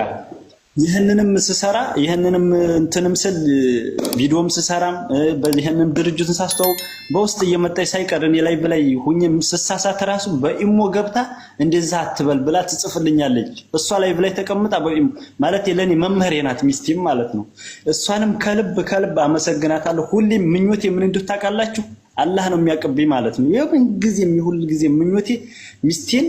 ይጠይቃል። ይህንንም ስሰራ ይህንንም እንትንም ስል ቪዲዮም ስሰራም ይህንን ድርጅትን ሳስተዋውቅ በውስጥ እየመጣች ሳይቀር እኔ ላይ ብላይ ሁኝም ስሳሳት ራሱ በኢሞ ገብታ እንደዛ አትበል ብላ ትጽፍልኛለች። እሷ ላይ ብላይ ተቀምጣ በኢሞ ማለት ለእኔ መምህሬ ናት ሚስቴም ማለት ነው። እሷንም ከልብ ከልብ አመሰግናታለሁ። ሁሌም ምኞት የምን እንዲሁ ታውቃላችሁ፣ አላህ ነው የሚያቅብኝ ማለት ነው። የምን ጊዜም የሁል ጊዜ ምኞቴ ሚስቴን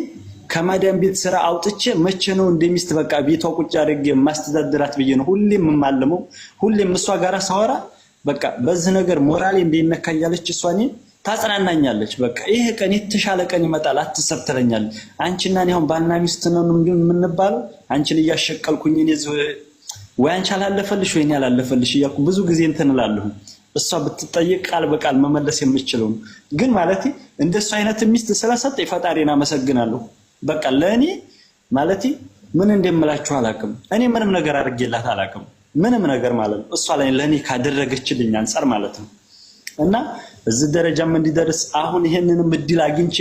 ከማዳም ቤት ስራ አውጥቼ መቼ ነው እንደሚስት በቃ ቤቷ ቁጭ አድርጌ ማስተዳደራት ብዬ ነው ሁሌም የማለመው። ሁሌም እሷ ጋር ሳወራ በቃ በዚህ ነገር ሞራሌ እንዲነካ እያለች እሷ እኔ ታጽናናኛለች። በቃ ይህ ቀን የተሻለ ቀን ይመጣል አትሰብ ትለኛለች። አንቺና እኔ አሁን ባልና ሚስት ነው የምንባለው። አንቺን እያሸቀልኩኝ እኔ ወይ አንቺ አላለፈልሽ ወይ እኔ አላለፈልሽ እያልኩ ብዙ ጊዜ እንትን እላለሁ። እሷ ብትጠይቅ ቃል በቃል መመለስ የምችለው ግን ማለት እንደ እንደሱ አይነት ሚስት ስለሰጠ ፈጣሪን አመሰግናለሁ። በቃ ለእኔ ማለት ምን እንደምላችሁ አላውቅም። እኔ ምንም ነገር አድርጌላት አላውቅም። ምንም ነገር ማለት ነው እሷ ላይ ለእኔ ካደረገችልኝ አንጻር ማለት ነው እና እዚህ ደረጃም እንዲደርስ አሁን ይሄንንም እድል አግኝቼ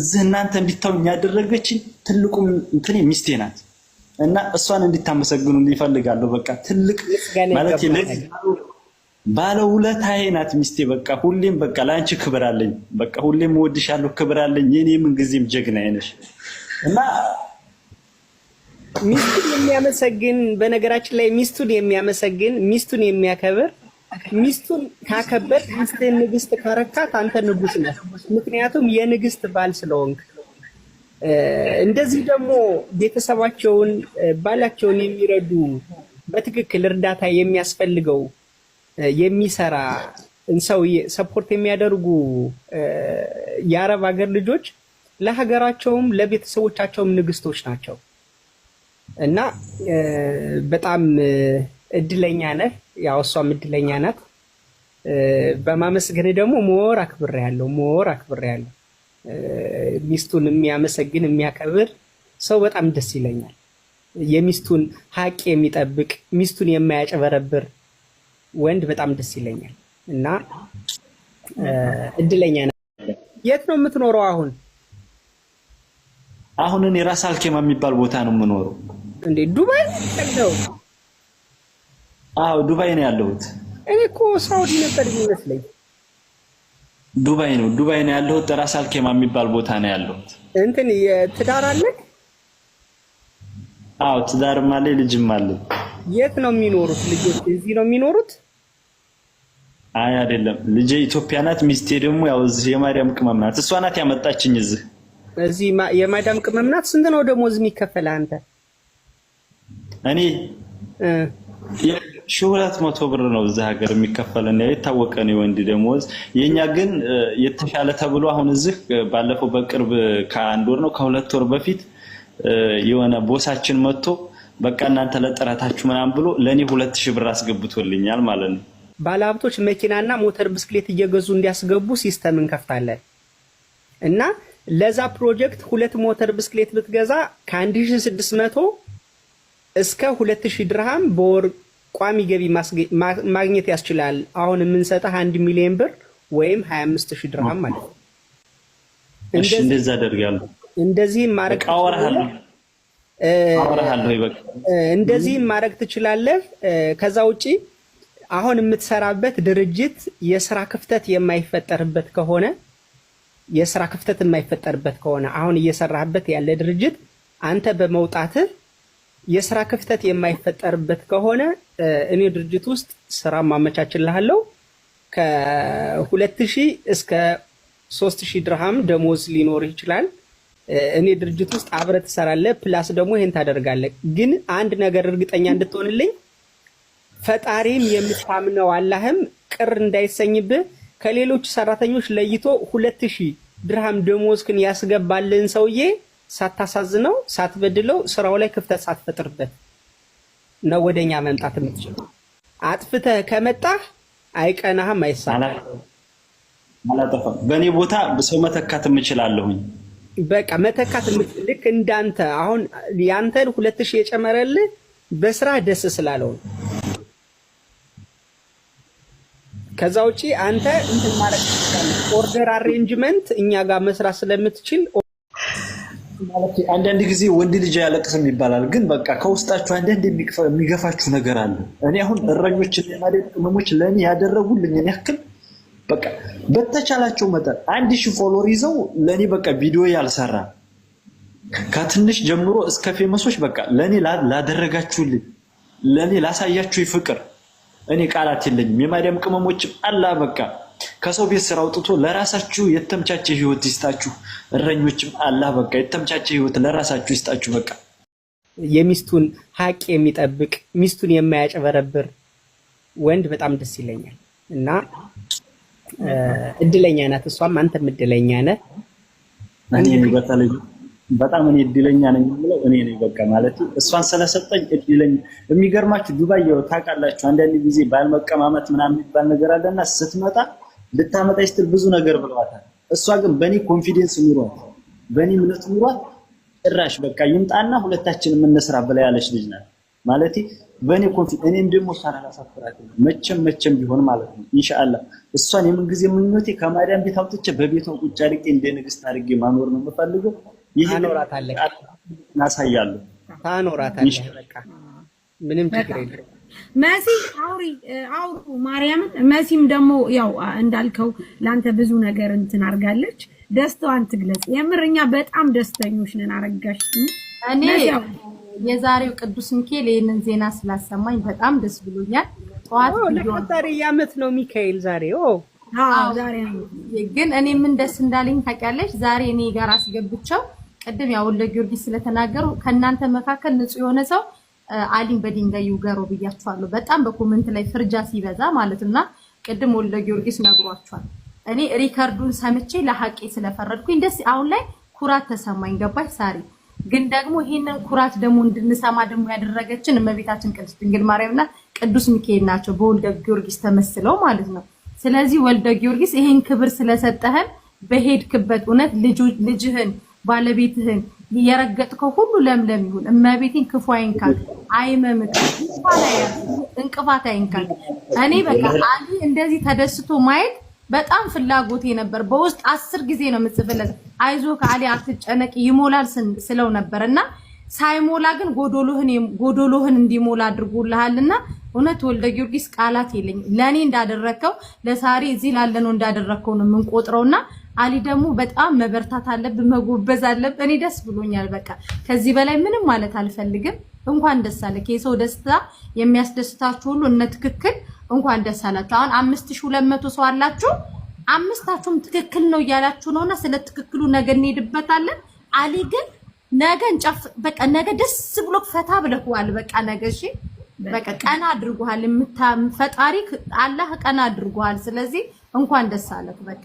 እዚህ እናንተ እንዲታውኝ ያደረገችኝ ትልቁም እንትኔ ሚስቴ ናት እና እሷን እንዲታመሰግኑ ይፈልጋለሁ። በቃ ትልቅ ማለት ባለውለታዬ ናት ሚስቴ። በቃ ሁሌም በቃ ለአንቺ ክብር አለኝ። በቃ ሁሌም እወድሻለሁ፣ ክብር አለኝ። የኔ ምን ጊዜም ጀግና አይነሽ እና ሚስቱን የሚያመሰግን በነገራችን ላይ ሚስቱን የሚያመሰግን ሚስቱን የሚያከብር ሚስቱን ካከበር ሚስትህን ንግስት ካረካት አንተ ንጉስ ነህ። ምክንያቱም የንግስት ባል ስለሆንክ። እንደዚህ ደግሞ ቤተሰባቸውን ባላቸውን የሚረዱ በትክክል እርዳታ የሚያስፈልገው የሚሰራ ሰው ሰፖርት የሚያደርጉ የአረብ ሀገር ልጆች ለሀገራቸውም ለቤተሰቦቻቸውም ንግስቶች ናቸው እና በጣም እድለኛ ነህ። ያው እሷም እድለኛ ናት። በማመስገን ደግሞ ሞር አክብር ያለው ሞር አክብር ያለው ሚስቱን የሚያመሰግን የሚያከብር ሰው በጣም ደስ ይለኛል። የሚስቱን ሀቅ የሚጠብቅ ሚስቱን የማያጨበረብር ወንድ በጣም ደስ ይለኛል እና እድለኛ ነህ። የት ነው የምትኖረው አሁን? አሁን እኔ ራስ አልኬማ የሚባል ቦታ ነው የምኖረው። እንዴ ዱባይ ነው? አዎ ዱባይ ነው ያለሁት። እኔ እኮ ሳውዲ ነበር የሚመስለኝ። ዱባይ ነው ዱባይ ነው ያለሁት። ራስ አልኬማ የሚባል ቦታ ነው ያለሁት። እንትን የትዳር አለ? አዎ ትዳርም አለ ልጅም አለ። የት ነው የሚኖሩት ልጆች? እዚህ ነው የሚኖሩት? አይ አይደለም፣ ልጄ ኢትዮጵያ ናት። ሚስቴ ደግሞ ያው እዚህ የማርያም ቅመም ናት። እሷ ናት ያመጣችኝ እዚህ እዚህ የማዳም ቅመም ናት። ስንት ነው ደሞዝ የሚከፈል አንተ? እኔ ሺህ ሁለት መቶ ብር ነው እዚህ ሀገር የሚከፈለን የታወቀ ነው የወንድ ደሞዝ። የእኛ ግን የተሻለ ተብሎ አሁን እዚህ ባለፈው በቅርብ ከአንድ ወር ነው ከሁለት ወር በፊት የሆነ ቦሳችን መጥቶ በቃ እናንተ ለጥረታችሁ ምናምን ብሎ ለእኔ ሁለት ሺህ ብር አስገብቶልኛል ማለት ነው። ባለሀብቶች መኪናና ሞተር ብስክሌት እየገዙ እንዲያስገቡ ሲስተም እንከፍታለን እና ለዛ ፕሮጀክት ሁለት ሞተር ብስክሌት ብትገዛ ከ1600 እስከ 2000 ድርሃም በወር ቋሚ ገቢ ማግኘት ያስችላል። አሁን የምንሰጠህ አንድ ሚሊዮን ብር ወይም 25000 ድርሃም ማለት ነው። እንደዚህ አደርጋለሁ። ማድረግ ማድረግ ትችላለህ። ከዛ ውጪ አሁን የምትሰራበት ድርጅት የስራ ክፍተት የማይፈጠርበት ከሆነ የስራ ክፍተት የማይፈጠርበት ከሆነ አሁን እየሰራህበት ያለ ድርጅት አንተ በመውጣት የስራ ክፍተት የማይፈጠርበት ከሆነ እኔ ድርጅት ውስጥ ስራ ማመቻችልሃለሁ ከሁለት ሺህ እስከ ሶስት ሺህ ድርሃም ደሞዝ ሊኖር ይችላል። እኔ ድርጅት ውስጥ አብረ ትሰራለህ፣ ፕላስ ደግሞ ይሄን ታደርጋለ። ግን አንድ ነገር እርግጠኛ እንድትሆንልኝ ፈጣሪም የምታምነው አላህም ቅር እንዳይሰኝብህ ከሌሎች ሰራተኞች ለይቶ ሁለት ሺህ ድርሃም ደሞዝክን ያስገባልን ሰውዬ ሳታሳዝነው ሳትበድለው ስራው ላይ ክፍተት ሳትፈጥርበት ነው ወደኛ መምጣት የምትችለው። አጥፍተህ ከመጣህ አይቀናህም፣ አይሳለም። አላጠፋም። በእኔ ቦታ ሰው መተካት የምችላለሁኝ። በቃ መተካት ልክ እንዳንተ አሁን ያንተን ሁለት ሺህ የጨመረልህ በስራ ደስ ስላለው ነው። ከዛ ውጪ አንተ እንትን ማለት ኦርደር አሬንጅመንት እኛ ጋር መስራት ስለምትችል አንዳንድ ጊዜ ወንድ ልጅ አያለቅስም ይባላል። ግን በቃ ከውስጣችሁ አንዳንድ የሚገፋችሁ ነገር አለ። እኔ አሁን እረኞች የማደግ ቅመሞች ለእኔ ያደረጉልኝን ያክል በቃ በተቻላቸው መጠን አንድ ሺህ ፎሎር ይዘው ለእኔ በቃ ቪዲዮ ያልሰራ ከትንሽ ጀምሮ እስከ ፌመሶች በቃ ለእኔ ላደረጋችሁልኝ ለእኔ ላሳያችሁ ፍቅር እኔ ቃላት የለኝም። የማዳም ቅመሞችም አላ በቃ ከሰው ቤት ስራ አውጥቶ ለራሳችሁ የተምቻቸ ህይወት ይስጣችሁ። እረኞችም አላ በቃ የተምቻቸ ህይወት ለራሳችሁ ይስጣችሁ። በቃ የሚስቱን ሀቅ የሚጠብቅ ሚስቱን የማያጨበረብር ወንድ በጣም ደስ ይለኛል እና እድለኛ ናት እሷም፣ አንተም እድለኛ ነህ። እኔ በተለይ በጣም እኔ እድለኛ ነኝ የምለው እኔ ነኝ። በቃ ማለት እሷን ስለሰጠኝ እድለኝ። የሚገርማችሁ ዱባይ ያው ታውቃላችሁ፣ አንዳንድ ጊዜ ባልመቀማመት ምናምን የሚባል ነገር አለና ስትመጣ ልታመጣ ስትል ብዙ ነገር ብለዋታል። እሷ ግን በእኔ ኮንፊደንስ ኑሯት፣ በእኔ እምነት ኑሯት ጭራሽ በቃ ይምጣና ሁለታችን የምንስራ ብላ ያለች ልጅ ናት ማለት በእኔ ኮንፊ እኔም ደግሞ እሷን አላሳፍራት መቼም መቼም ቢሆን ማለት ነው። ኢንሻአላህ እሷን የምንጊዜ ምኞቴ ከማዳን ቤት አውጥቼ በቤቷ ቁጭ አድርጌ እንደ ንግስት አድርጌ ማኖር ነው የምፈልገው። ታኖራታለህ፣ እናሳያለሁ። ታኖራታለህ። በቃ ምንም ችግር የለም። መሲ አውሪ አውሩ ማርያምን። መሲም ደግሞ ያው እንዳልከው ለአንተ ብዙ ነገር እንትን አድርጋለች። ደስታዋን ትግለጽ። የምርኛ በጣም ደስተኞች ነን። አረጋሽ እኔ የዛሬው ቅዱስ ሚካኤል ይህንን ዜና ስላሰማኝ በጣም ደስ ብሎኛል። ጠዋት ለቆጣሪ ዓመት ነው ሚካኤል ዛሬ ግን እኔ ምን ደስ እንዳለኝ ታውቂያለሽ? ዛሬ እኔ ጋር አስገብቸው ቅድም ያው ጊዮርጊስ ስለተናገሩ ከእናንተ መካከል ንጹህ የሆነ ሰው አሊም በድንጋይ ይውገረው ብያችኋለሁ። በጣም በኮመንት ላይ ፍርጃ ሲበዛ ማለት እና ቅድም ወልደ ጊዮርጊስ ነግሯችኋል። እኔ ሪከርዱን ሰምቼ ለሀቄ ስለፈረድኩኝ ደስ አሁን ላይ ኩራት ተሰማኝ። ገባች ሳሪ ግን ደግሞ ይሄንን ኩራት ደግሞ እንድንሰማ ደግሞ ያደረገችን እመቤታችን ቅድስት ድንግል ማርያምና ቅዱስ ሚካኤል ናቸው፣ በወልደ ጊዮርጊስ ተመስለው ማለት ነው። ስለዚህ ወልደ ጊዮርጊስ ይሄን ክብር ስለሰጠህን በሄድክበት እውነት ልጅህን ባለቤትህን የረገጥከው ሁሉ ለምለም ይሁን። እመቤቴን ክፉ አይንካል፣ አይመምቅ፣ እንቅፋት አይንካል። እኔ በቃ አሊ እንደዚህ ተደስቶ ማየት በጣም ፍላጎቴ ነበር። በውስጥ አስር ጊዜ ነው የምጽፍለት አይዞህ ከአሊ አትጨነቅ ይሞላል ስለው ነበር እና ሳይሞላ ግን ጎዶሎህን ጎዶሎህን እንዲሞላ አድርጎልሃልና እውነት ወልደ ጊዮርጊስ ቃላት የለኝ ለእኔ እንዳደረግከው ለሳሪ እዚህ ላለነው እንዳደረግከው ነው የምንቆጥረውና አሊ ደግሞ በጣም መበርታት አለብ መጎበዝ አለብ እኔ ደስ ብሎኛል። በቃ ከዚህ በላይ ምንም ማለት አልፈልግም። እንኳን ደስ አለ። የሰው ደስታ የሚያስደስታችሁ ሁሉ እነ ትክክል እንኳን ደስ አላችሁ። አሁን አምስት ሺህ ሁለት መቶ ሰው አላችሁ። አምስታችሁም ትክክል ነው እያላችሁ ነውና ስለ ትክክሉ ነገ እንሄድበታለን። አሊ ግን ነገን እንጨፍ በቃ ነገ ደስ ብሎ ፈታ ብለዋል። በቃ ነገ እሺ፣ በቃ ቀና አድርጓል። ፈጣሪ አላህ ቀና አድርጓል። ስለዚህ እንኳን ደስ አለህ በቃ